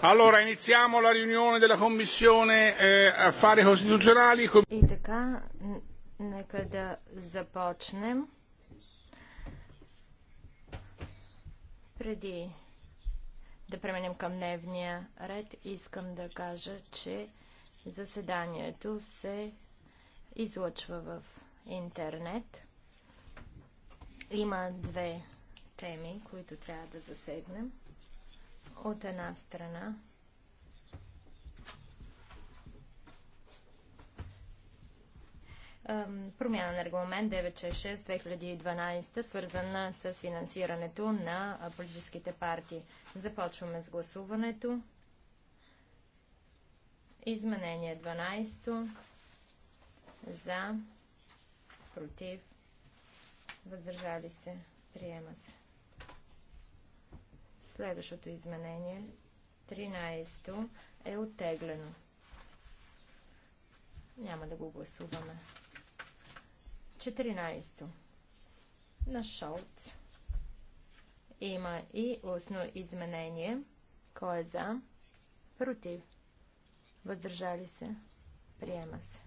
Allora iniziamo la riunione della Commissione eh, Affari Costituzionali. И така, нека да започнем. Преди да преминем към дневния ред, искам да кажа, че заседанието се излъчва в интернет. Има две теми, които трябва да засегнем от една страна промяна на регламент 966-2012, свързана с финансирането на политическите партии. Започваме с гласуването. Изменение 12. За. Против. Въздържали се. Приема се. Следващото изменение, 13-то, е оттеглено. Няма да го гласуваме. 14-то. На Шолт има и устно изменение. Кой е за? Против. Въздържали се. Приема се.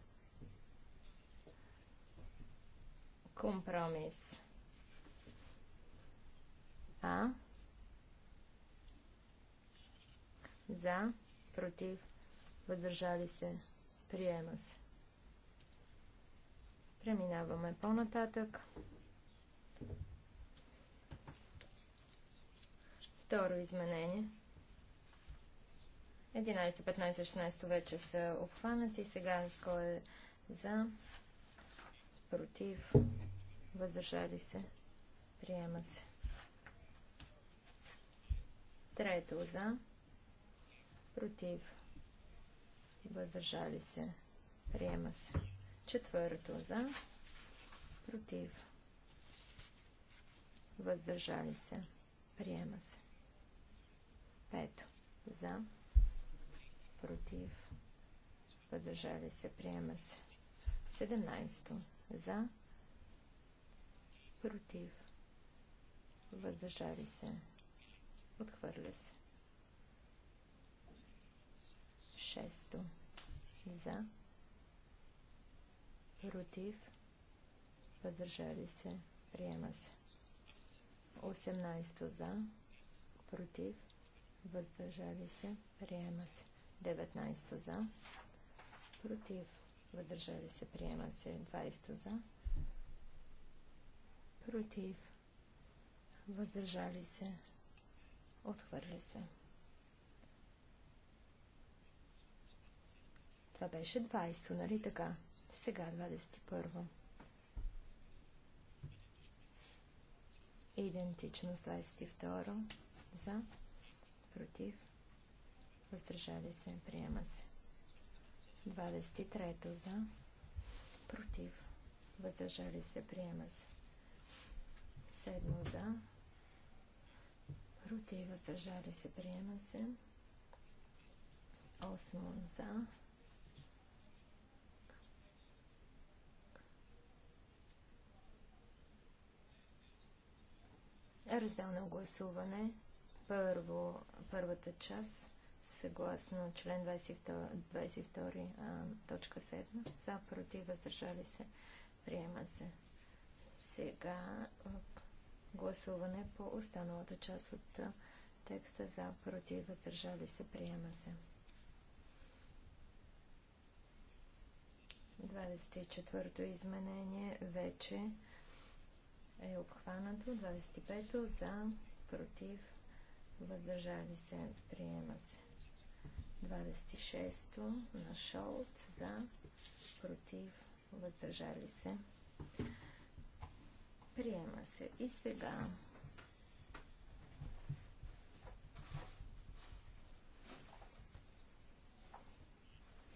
Компромис. А? за, против, въздържали се, приема се. Преминаваме по-нататък. Второ изменение. 11, 15, 16 вече са обхванати. Сега е за, против, въздържали се, приема се. Трето за, против, въздържали се, приема се. Четвърто за, против, въздържали се, приема се. Пето за, против, въздържали се, приема се. Седемнайсто за, против, въздържали се, отхвърля се. Шесто. За. Против. Въздържали се. Приема се. 18 за. Против. Въздържали се. Приема се. 19 за. Против. Въздържали се. Приема се. 20 за. Против. Въздържали се. Отхвърли се. Това беше 20-то, нали така? Сега 21-во. Идентично с 22-ро. За, против, въздържали се, приема се. 23-то за, против, въздържали се, приема се. 7 за, против, въздържали се, приема се. 8 за, Разделно гласуване. Първо, първата част, съгласно член 22, точка 7. За, против, въздържали се. Приема се. Сега гласуване по останалата част от текста за, против, въздържали се. Приема се. 24-то изменение вече е обхванато. 25 за, против, въздържали се, приема се. 26 на Шолт за, против, въздържали се. Приема се. И сега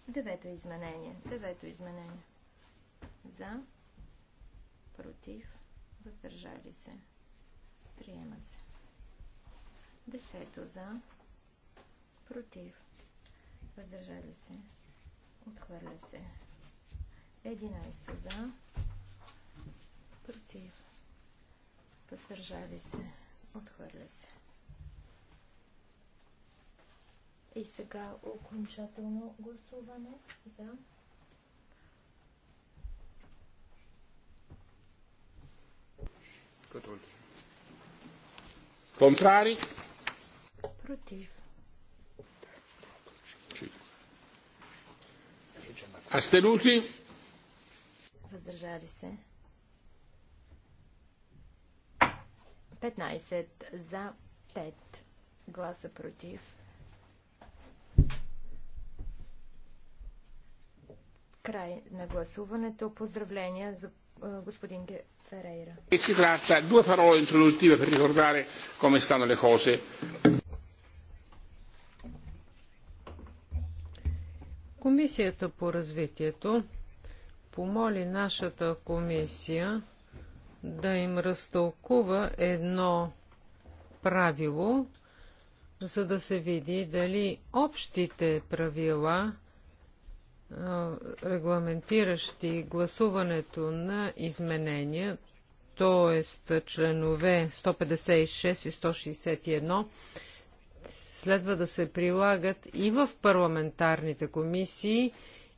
Девето изменение. Девето изменение. За. Против въздържали се, приема се. Десето за, против, въздържали се, отхвърля се. Единайсто за, против, въздържали се, отхвърля се. И сега окончателно гласуване за Contrari? Protiv. Astenuti? Въздържали се. 15 за 5 гласа против. Край на гласуването. Поздравления за е, господин Ферейра. Si tratta due parole introduttive per ricordare come stanno le cose. Комисията по развитието помоли нашата комисия да им разтълкува едно правило, за да се види дали общите правила регламентиращи гласуването на изменения, т.е. членове 156 и 161, следва да се прилагат и в парламентарните комисии,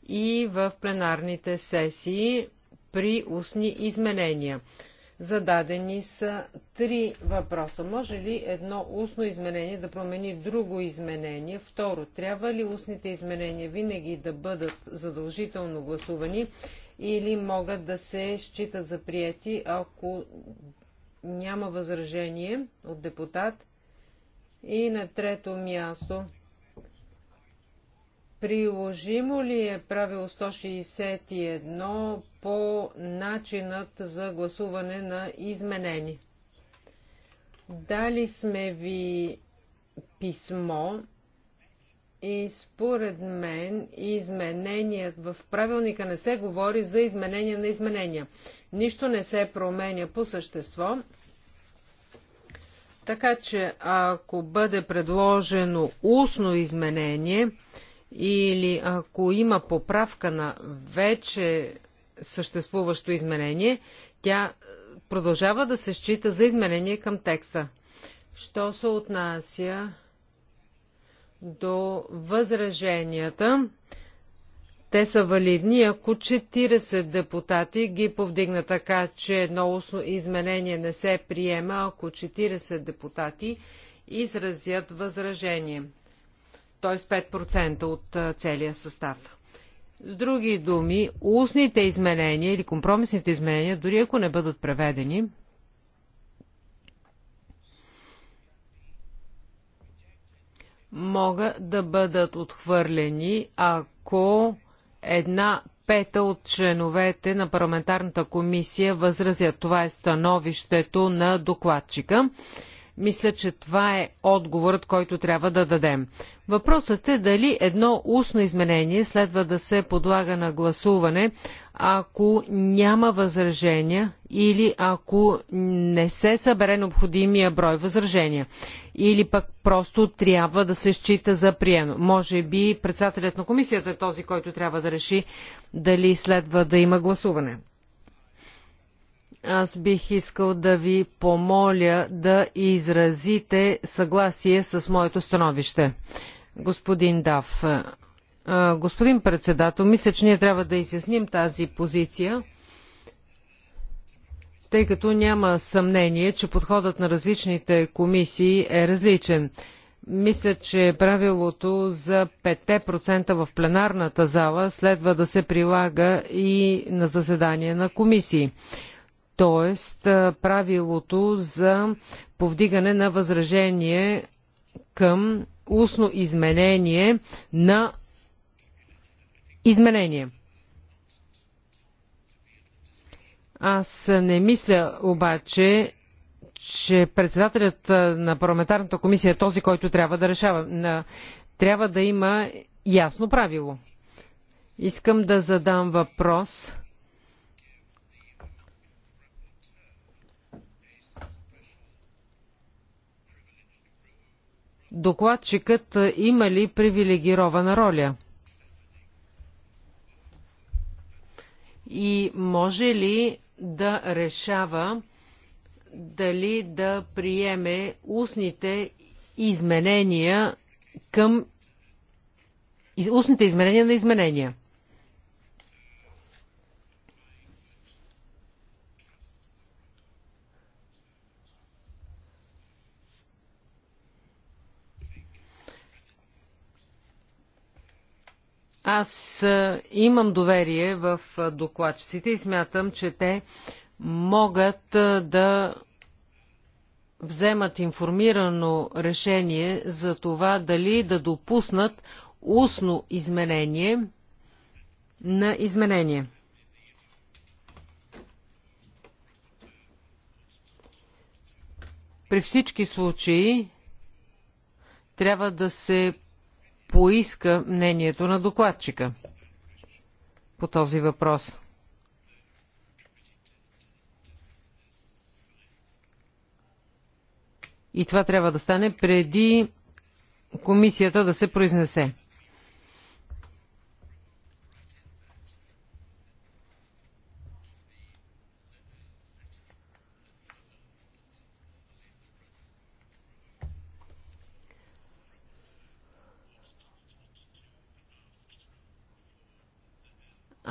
и в пленарните сесии при устни изменения. Зададени са три въпроса. Може ли едно устно изменение да промени друго изменение? Второ, трябва ли устните изменения винаги да бъдат задължително гласувани или могат да се считат за прияти, ако няма възражение от депутат? И на трето място, Приложимо ли е правило 161 по начинът за гласуване на изменени? Дали сме ви писмо и според мен изменения в правилника не се говори за изменения на изменения. Нищо не се променя по същество. Така че ако бъде предложено устно изменение, или ако има поправка на вече съществуващо изменение, тя продължава да се счита за изменение към текста. Що се отнася до възраженията, те са валидни, ако 40 депутати ги повдигна така, че едно изменение не се приема, ако 40 депутати изразят възражение т.е. 5% от целия състав. С други думи, устните изменения или компромисните изменения, дори ако не бъдат преведени, могат да бъдат отхвърлени, ако една пета от членовете на парламентарната комисия възразят. Това е становището на докладчика. Мисля, че това е отговорът, който трябва да дадем. Въпросът е дали едно устно изменение следва да се подлага на гласуване, ако няма възражения или ако не се събере необходимия брой възражения. Или пък просто трябва да се счита за приено. Може би председателят на комисията е този, който трябва да реши дали следва да има гласуване аз бих искал да ви помоля да изразите съгласие с моето становище. Господин Дав, господин председател, мисля, че ние трябва да изясним тази позиция, тъй като няма съмнение, че подходът на различните комисии е различен. Мисля, че правилото за 5% в пленарната зала следва да се прилага и на заседание на комисии т.е. правилото за повдигане на възражение към устно изменение на изменение. Аз не мисля обаче, че председателят на парламентарната комисия е този, който трябва да решава. Трябва да има ясно правило. Искам да задам въпрос докладчикът е, има ли привилегирована роля? И може ли да решава дали да приеме устните изменения към устните изменения на изменения? Аз имам доверие в докладчиците и смятам, че те могат да вземат информирано решение за това дали да допуснат устно изменение на изменение. При всички случаи трябва да се поиска мнението на докладчика по този въпрос. И това трябва да стане преди комисията да се произнесе.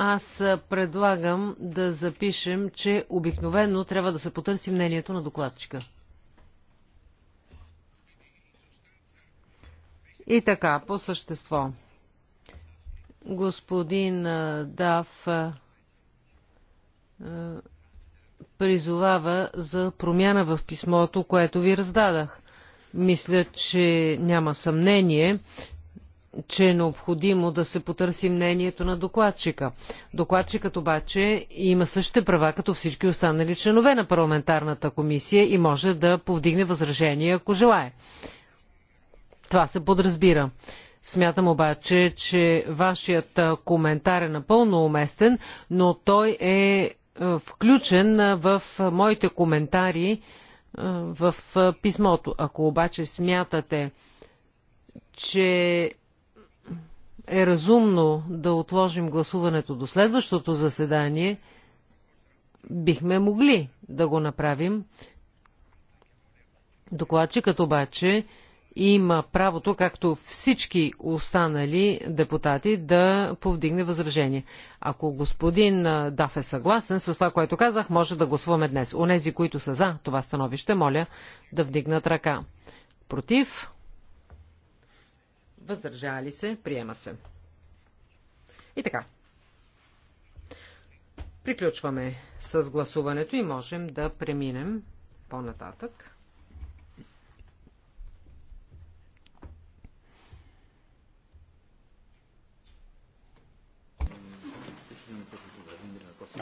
Аз предлагам да запишем, че обикновено трябва да се потърси мнението на докладчика. И така, по същество. Господин Дав призовава за промяна в писмото, което ви раздадах. Мисля, че няма съмнение, че е необходимо да се потърси мнението на докладчика. Докладчикът обаче има същите права като всички останали членове на парламентарната комисия и може да повдигне възражение, ако желае. Това се подразбира. Смятам обаче, че вашият коментар е напълно уместен, но той е, е включен в моите коментари в писмото. Ако обаче смятате, че е разумно да отложим гласуването до следващото заседание, бихме могли да го направим. Докладчикът обаче има правото, както всички останали депутати, да повдигне възражение. Ако господин Даф е съгласен с това, което казах, може да гласуваме днес. Онези, които са за това становище, моля да вдигнат ръка. Против? въздържали се, приема се. И така. Приключваме с гласуването и можем да преминем по-нататък.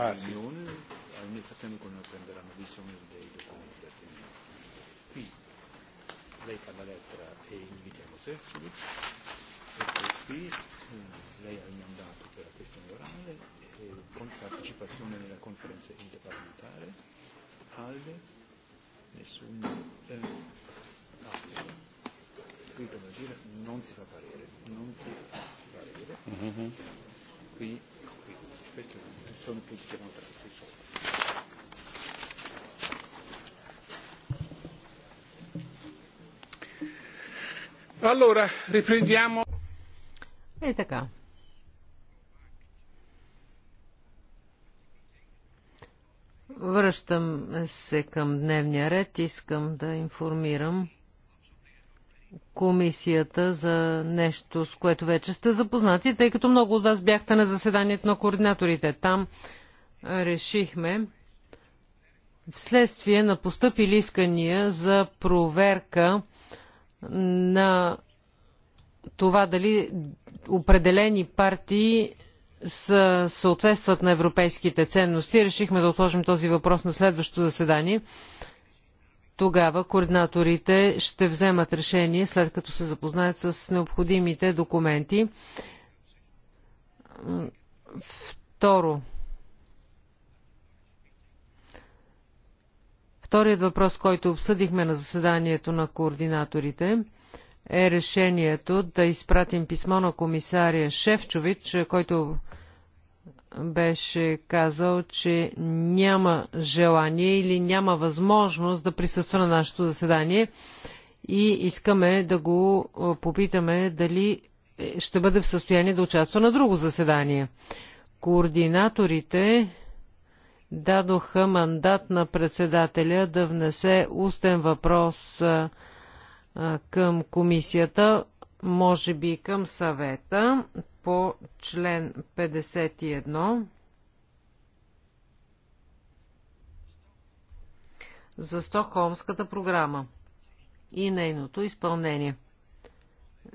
Ah, sì. Almeno fatemi con prenderanno visione dei documenti lei fa la lettera e invitiamo Sefcovic e poi qui lei ha il mandato per la questione orale e con partecipazione nella conferenza interparlamentare alle nessun eh, qui come dire non si fa parere non si fa parere qui, qui questi sono tutti che non trattati sopra Allora, riprendiamo. И така. Връщам се към дневния ред. Искам да информирам комисията за нещо, с което вече сте запознати, тъй като много от вас бяхте на заседанието на координаторите. Там решихме вследствие на постъпили искания за проверка на това дали определени партии са, съответстват на европейските ценности. Решихме да отложим този въпрос на следващото заседание. Тогава координаторите ще вземат решение, след като се запознаят с необходимите документи. Второ, Вторият въпрос, който обсъдихме на заседанието на координаторите, е решението да изпратим писмо на комисария Шефчович, който беше казал, че няма желание или няма възможност да присъства на нашето заседание и искаме да го е, попитаме дали е, ще бъде в състояние да участва на друго заседание. Координаторите дадоха мандат на председателя да внесе устен въпрос а, към комисията, може би към съвета по член 51. за Стокхолмската програма и нейното изпълнение.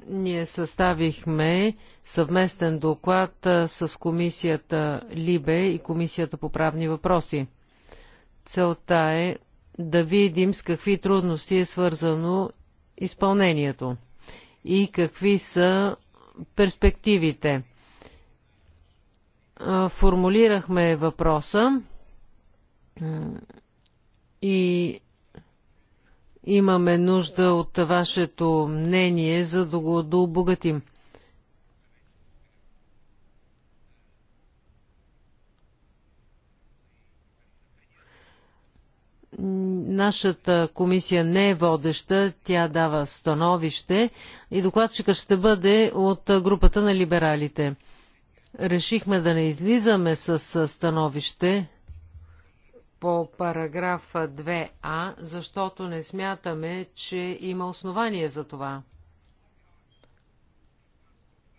Ние съставихме съвместен доклад с комисията Либе и комисията по правни въпроси. Целта е да видим с какви трудности е свързано изпълнението и какви са перспективите. Формулирахме въпроса и Имаме нужда от вашето мнение, за да го да обогатим. Нашата комисия не е водеща, тя дава становище и докладчика ще бъде от групата на либералите. Решихме да не излизаме с становище, по параграф 2а, защото не смятаме, че има основание за това.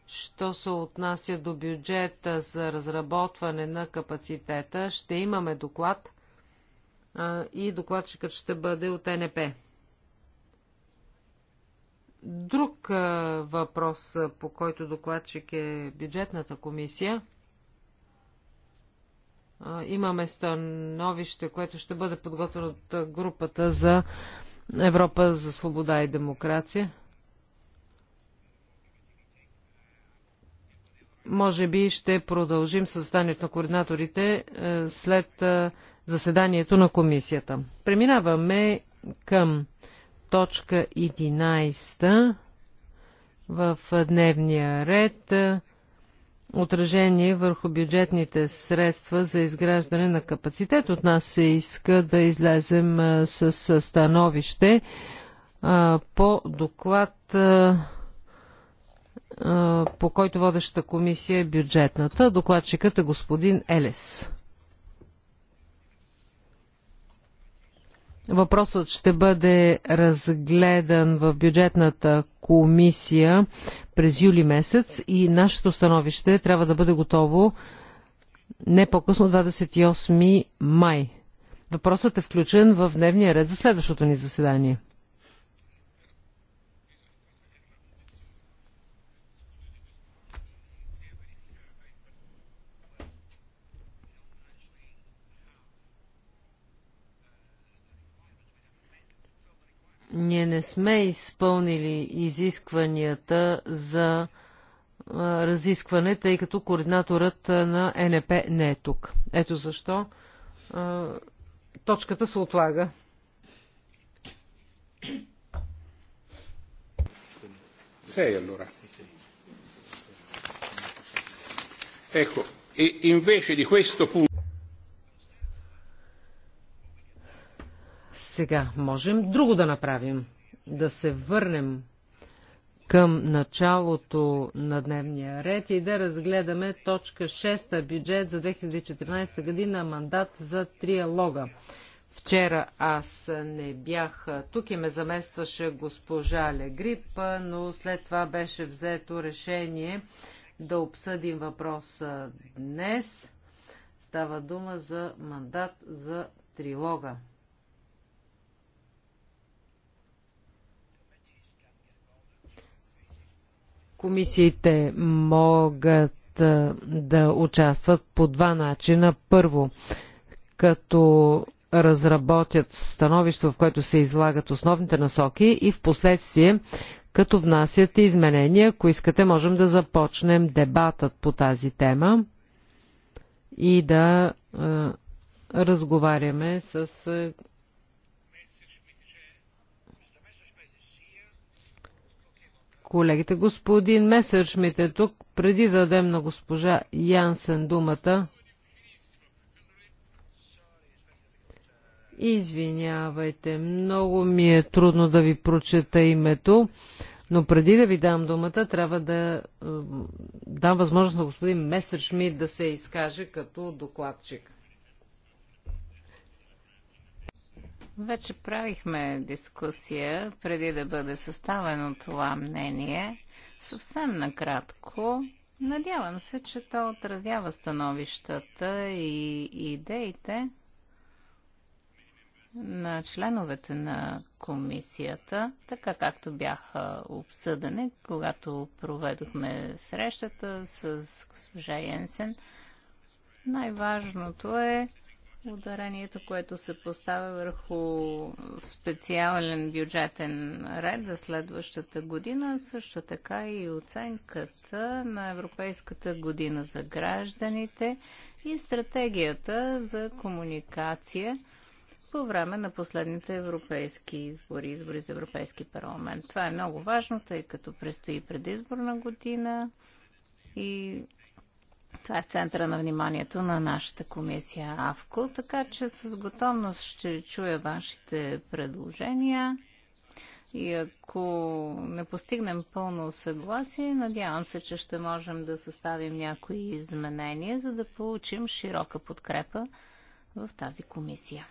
Що се отнася до бюджета за разработване на капацитета, ще имаме доклад а, и докладчикът ще бъде от НП. Друг а, въпрос, по който докладчик е бюджетната комисия – Имаме становище, което ще бъде подготвено от групата за Европа за свобода и демокрация. Може би ще продължим заседанието на координаторите е, след заседанието на комисията. Преминаваме към точка 11 в дневния ред отражение върху бюджетните средства за изграждане на капацитет. От нас се иска да излезем с становище по доклад, по който водещата комисия е бюджетната. Докладчикът е господин Елес. Въпросът ще бъде разгледан в бюджетната комисия през юли месец и нашето становище трябва да бъде готово не по-късно 28 май. Въпросът е включен в дневния ред за следващото ни заседание. ние не сме изпълнили изискванията за разискване, тъй като координаторът на НП не е тук. Ето защо точката се отлага. Sei allora. Ecco, e invece di questo punto... Сега можем друго да направим. Да се върнем към началото на дневния ред и да разгледаме точка 6 бюджет за 2014 година мандат за триалога. Вчера аз не бях тук и ме заместваше госпожа Легрип, но след това беше взето решение да обсъдим въпроса днес. Става дума за мандат за трилога. Комисиите могат да участват по два начина. Първо, като разработят становище, в което се излагат основните насоки и в последствие, като внасят изменения. Ако искате, можем да започнем дебатът по тази тема и да е, разговаряме с колегите. Господин Месършмит е тук. Преди да дадем на госпожа Янсен думата. Извинявайте, много ми е трудно да ви прочета името, но преди да ви дам думата, трябва да дам възможност на господин Месършмит да се изкаже като докладчик. Вече правихме дискусия преди да бъде съставено това мнение. Съвсем накратко, надявам се, че то отразява становищата и идеите на членовете на комисията, така както бяха обсъдени, когато проведохме срещата с госпожа Йенсен. Най-важното е Ударението, което се поставя върху специален бюджетен ред за следващата година, също така и оценката на Европейската година за гражданите и стратегията за комуникация по време на последните европейски избори, избори за Европейски парламент. Това е много важно, тъй като предстои предизборна година и това е в центъра на вниманието на нашата комисия АВКО, така че с готовност ще чуя вашите предложения. И ако не постигнем пълно съгласие, надявам се, че ще можем да съставим някои изменения, за да получим широка подкрепа в тази комисия.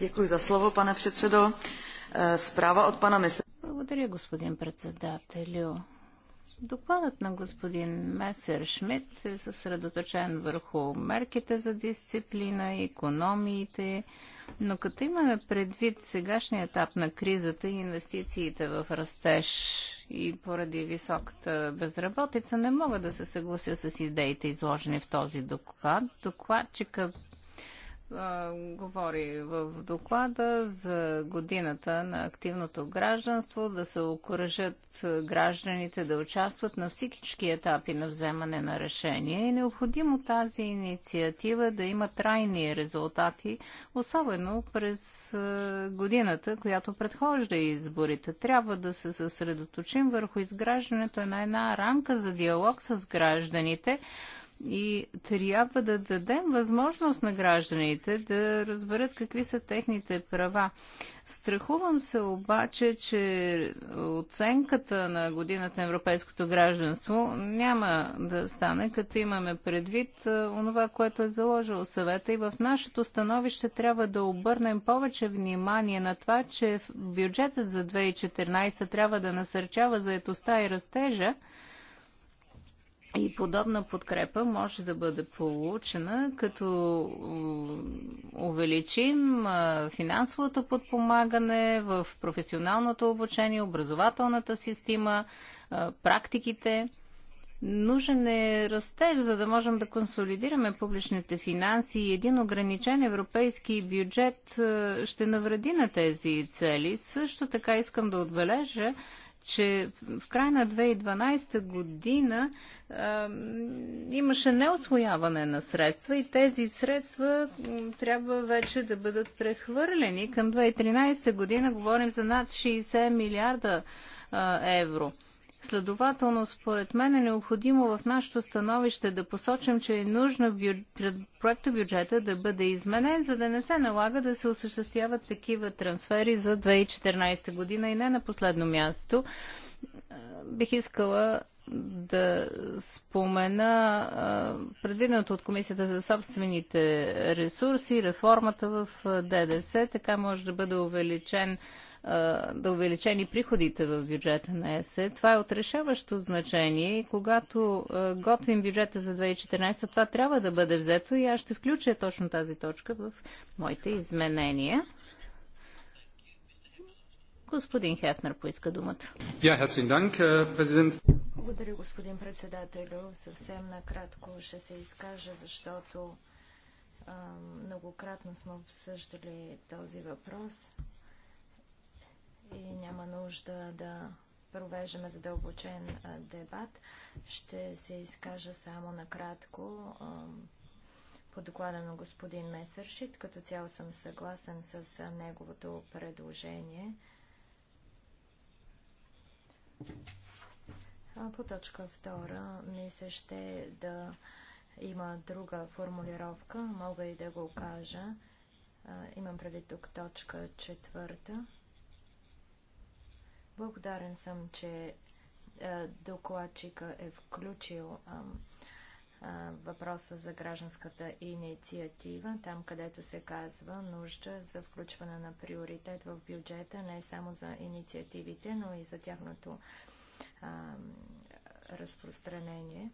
Děkuji slovo, pane předsedo. Eh, zpráva от pana Месер. Благодаря, господин председателю. Докладът на господин Месер Шмидт е съсредоточен върху мерките за дисциплина, економиите, но като имаме предвид сегашния етап на кризата и инвестициите в растеж и поради високата безработица, не мога да се съглася с идеите, изложени в този доклад. Докладчика говори в доклада за годината на активното гражданство, да се окоръжат гражданите да участват на всички етапи на вземане на решение. И е необходимо тази инициатива да има трайни резултати, особено през годината, която предхожда изборите. Трябва да се съсредоточим върху изграждането на една рамка за диалог с гражданите, и трябва да дадем възможност на гражданите да разберат какви са техните права. Страхувам се обаче, че оценката на годината на европейското гражданство няма да стане, като имаме предвид онова, което е заложило съвета и в нашето становище трябва да обърнем повече внимание на това, че бюджетът за 2014 трябва да насърчава заетостта и растежа, и подобна подкрепа може да бъде получена, като увеличим финансовото подпомагане в професионалното обучение, образователната система, практиките. Нужен е растеж, за да можем да консолидираме публичните финанси и един ограничен европейски бюджет ще навреди на тези цели. Също така искам да отбележа, че в край на 2012 година а, имаше неосвояване на средства и тези средства трябва вече да бъдат прехвърлени. Към 2013 година говорим за над 60 милиарда а, евро. Следователно, според мен е необходимо в нашето становище да посочим, че е нужно проекта бюджета да бъде изменен, за да не се налага да се осъществяват такива трансфери за 2014 година и не на последно място. Бих искала да спомена предвиденото от Комисията за собствените ресурси, реформата в ДДС, така може да бъде увеличен да увеличени приходите в бюджета на ЕСЕ. Това е отрешаващо значение и когато готвим бюджета за 2014, това трябва да бъде взето и аз ще включа точно тази точка в моите изменения. Господин Хефнер поиска думата. Yeah, Благодаря, господин председателю. Съвсем накратко ще се изкажа, защото многократно сме обсъждали този въпрос и няма нужда да провеждаме задълбочен дебат. Ще се изкажа само накратко по доклада на господин Месършит. Като цяло съм съгласен с неговото предложение. По точка втора ми се ще да има друга формулировка. Мога и да го кажа. Имам преди тук точка четвърта. Благодарен съм, че е, докладчика е включил въпроса за гражданската инициатива, там където се казва нужда за включване на приоритет в бюджета, не само за инициативите, но и за тяхното разпространение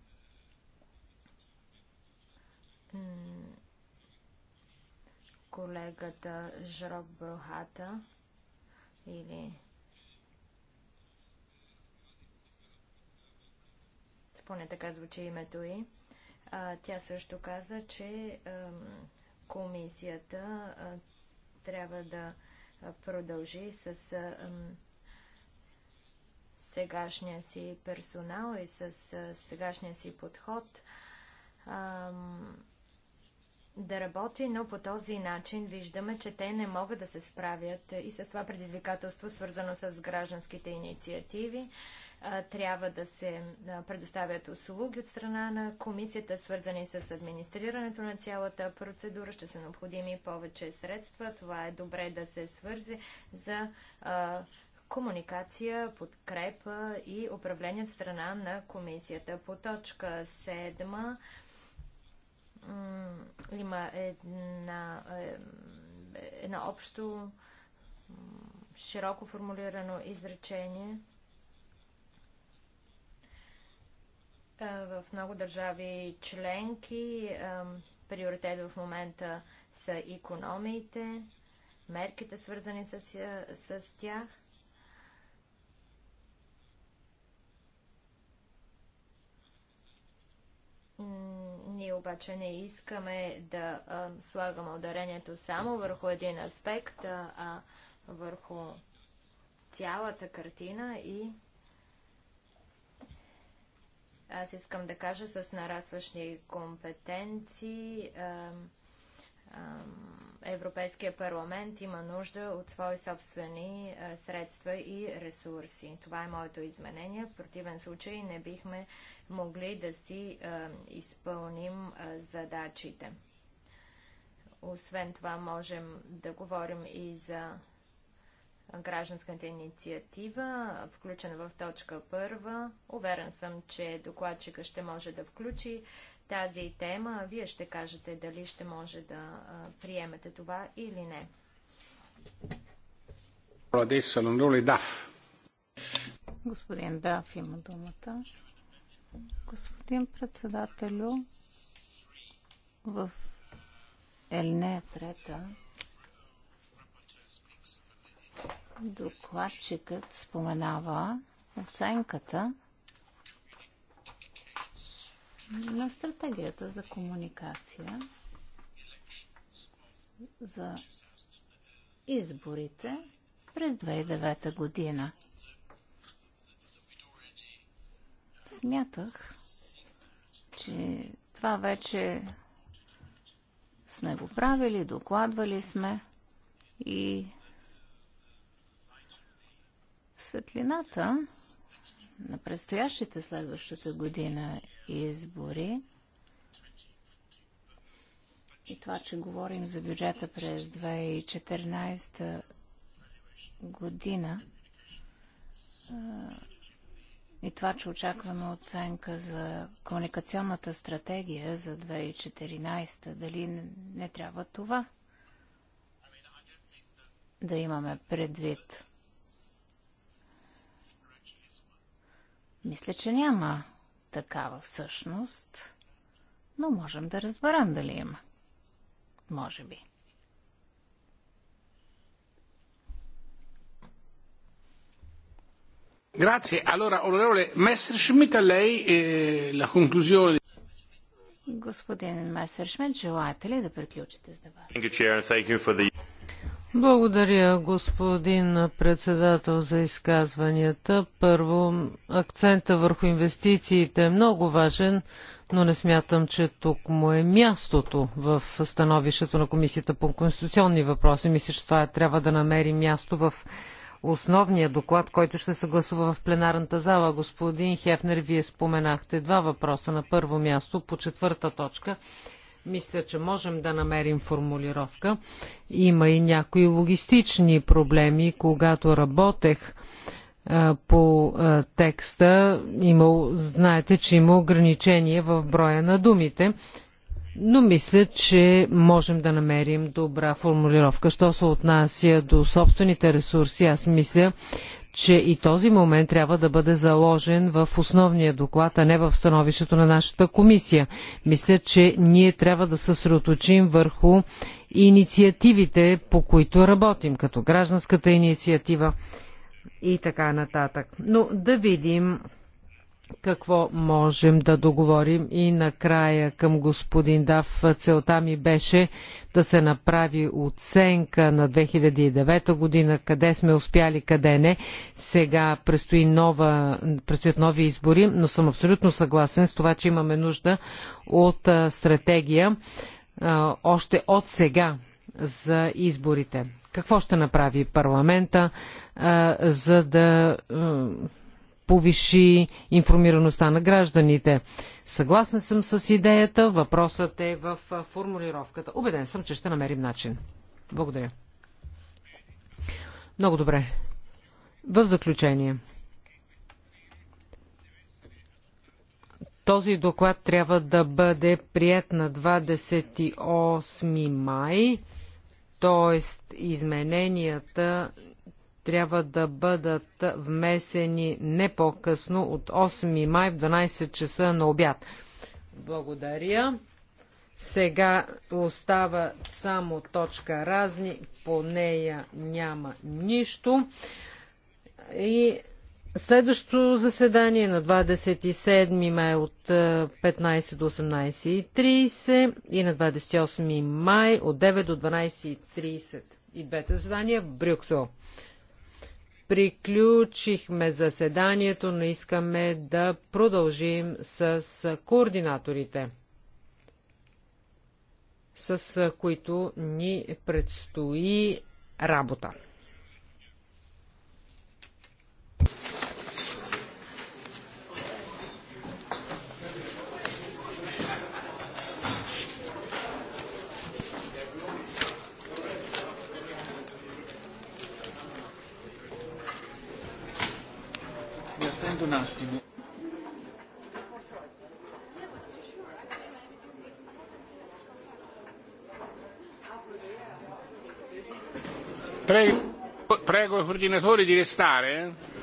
колегата Жроб Брохата или поне така звучи името й. А, тя също каза, че а, комисията а, трябва да продължи с сегашния си персонал и с сегашния си подход. А, да работи, но по този начин виждаме, че те не могат да се справят и с това предизвикателство, свързано с гражданските инициативи. Трябва да се предоставят услуги от страна на комисията, свързани с администрирането на цялата процедура. Ще са необходими повече средства. Това е добре да се свързи за комуникация, подкрепа и управление от страна на комисията. По точка 7 има една, е, една общо широко формулирано изречение. Е, в много държави членки е, приоритет в момента са економиите, мерките свързани с, с тях обаче не искаме да а, слагаме ударението само върху един аспект, а, върху цялата картина и аз искам да кажа с нарастващи компетенции. А, а, Европейския парламент има нужда от свои собствени е, средства и ресурси. Това е моето изменение. В противен случай не бихме могли да си е, изпълним е, задачите. Освен това, можем да говорим и за гражданската инициатива, включена в точка първа. Уверен съм, че докладчика ще може да включи тази тема. Вие ще кажете дали ще може да приемете това или не. Господин Даф има думата. Господин председателю, в Елнея е трета докладчикът споменава оценката на стратегията за комуникация за изборите през 2009 година. Смятах, че това вече сме го правили, докладвали сме и светлината на предстоящите следващата година избори. И това, че говорим за бюджета през 2014 година и това, че очакваме оценка за комуникационната стратегия за 2014, дали не, не трябва това да имаме предвид? Мисля, че няма такава всъщност, но можем да разберем дали има. Може би. Grazie. Allora, onorevole Messerschmidt, a lei eh, la conclusione. Господин Месершмит, желаете ли да приключите с дебата? Благодаря, господин председател, за изказванията. Първо, акцента върху инвестициите е много важен, но не смятам, че тук му е мястото в становището на Комисията по конституционни въпроси. Мисля, че това е- трябва да намери място в основния доклад, който ще се гласува в пленарната зала. Господин Хефнер, вие споменахте два въпроса. На първо място, по четвърта точка мисля, че можем да намерим формулировка. Има и някои логистични проблеми. Когато работех а, по а, текста, има, знаете, че има ограничение в броя на думите. Но мисля, че можем да намерим добра формулировка. Що се отнася до собствените ресурси, аз мисля, че и този момент трябва да бъде заложен в основния доклад, а не в становището на нашата комисия. Мисля, че ние трябва да съсредоточим върху инициативите, по които работим, като гражданската инициатива и така нататък. Но да видим какво можем да договорим. И накрая към господин Дав, целта ми беше да се направи оценка на 2009 година, къде сме успяли, къде не. Сега предстои нова, предстоят нови избори, но съм абсолютно съгласен с това, че имаме нужда от стратегия още от сега за изборите. Какво ще направи парламента, за да повиши информираността на гражданите. Съгласен съм с идеята, въпросът е в формулировката. Убеден съм, че ще намерим начин. Благодаря. Много добре. В заключение. Този доклад трябва да бъде прият на 28 май, т.е. измененията трябва да бъдат вмесени не по-късно от 8 май в 12 часа на обяд. Благодаря. Сега остава само точка разни, по нея няма нищо. И следващото заседание на 27 май от 15 е, до 18.30 и на 28 май от 9 до 12.30. И двете задания в Брюксел приключихме заседанието, но искаме да продължим с координаторите, с които ни предстои работа. aspetta un Prego, prego i coordinatori di restare.